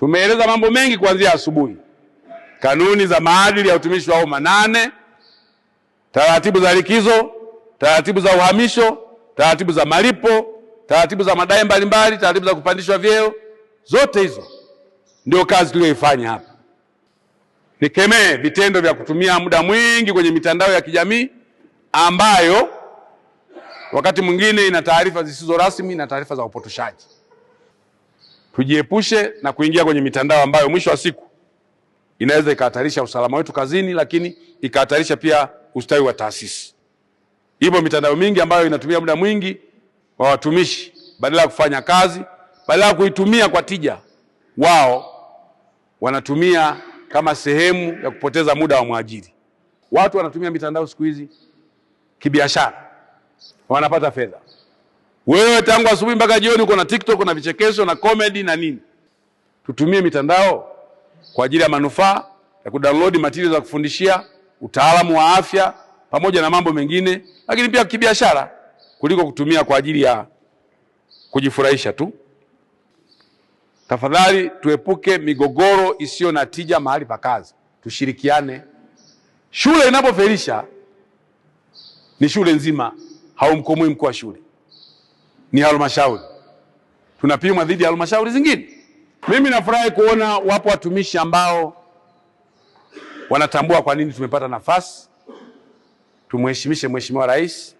Tumeeleza mambo mengi kuanzia asubuhi: kanuni za maadili ya utumishi wa umma nane, taratibu za likizo, taratibu za uhamisho, taratibu za malipo, taratibu za madai mbalimbali, taratibu za kupandishwa vyeo. Zote hizo ndio kazi tuliyoifanya hapa. Nikemee vitendo vya kutumia muda mwingi kwenye mitandao ya kijamii ambayo wakati mwingine ina taarifa zisizo rasmi na taarifa za upotoshaji. Tujiepushe na kuingia kwenye mitandao ambayo mwisho wa siku inaweza ikahatarisha usalama wetu kazini, lakini ikahatarisha pia ustawi wa taasisi. Ipo mitandao mingi ambayo inatumia muda mwingi wa watumishi badala ya kufanya kazi, badala ya kuitumia kwa tija, wao wanatumia kama sehemu ya kupoteza muda wa mwajiri. Watu wanatumia mitandao siku hizi kibiashara, wanapata fedha. Wewe tangu asubuhi mpaka jioni uko na TikTok na vichekesho na comedy na nini. Tutumie mitandao kwa ajili ya manufaa ya kudownload materials za kufundishia, utaalamu wa afya pamoja na mambo mengine, lakini pia kibiashara, kuliko kutumia kwa ajili ya kujifurahisha tu. Tafadhali tuepuke migogoro isiyo na tija mahali pa kazi, tushirikiane. Shule inapofelisha ni shule nzima, haumkomwi mkuu wa shule ni halmashauri, tunapimwa dhidi ya halmashauri zingine. Mimi nafurahi kuona wapo watumishi ambao wanatambua kwa nini tumepata nafasi. Tumheshimishe Mheshimiwa Rais,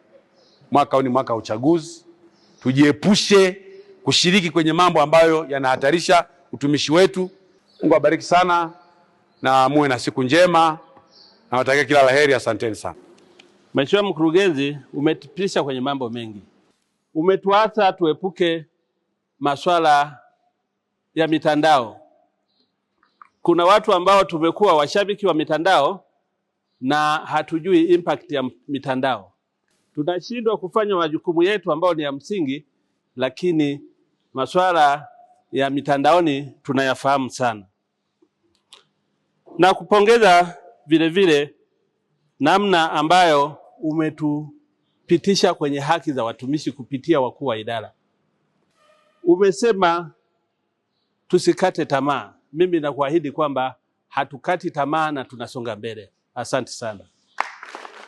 mwaka huu ni mwaka wa uchaguzi. Tujiepushe kushiriki kwenye mambo ambayo yanahatarisha utumishi wetu. Mungu abariki sana na muwe na siku njema, nawatakia kila laheri Asanteni sana. Mheshimiwa Mkurugenzi, umetupisha kwenye mambo mengi umetuasa tuepuke masuala ya mitandao. Kuna watu ambao tumekuwa washabiki wa mitandao na hatujui impact ya mitandao. Tunashindwa kufanya majukumu yetu ambayo ni ya msingi, lakini masuala ya mitandaoni tunayafahamu sana. Na kupongeza vile vile namna ambayo umetu kupitisha kwenye haki za watumishi kupitia wakuu wa idara. Umesema tusikate tamaa. Mimi nakuahidi kwamba hatukati tamaa na tunasonga mbele. Asante sana.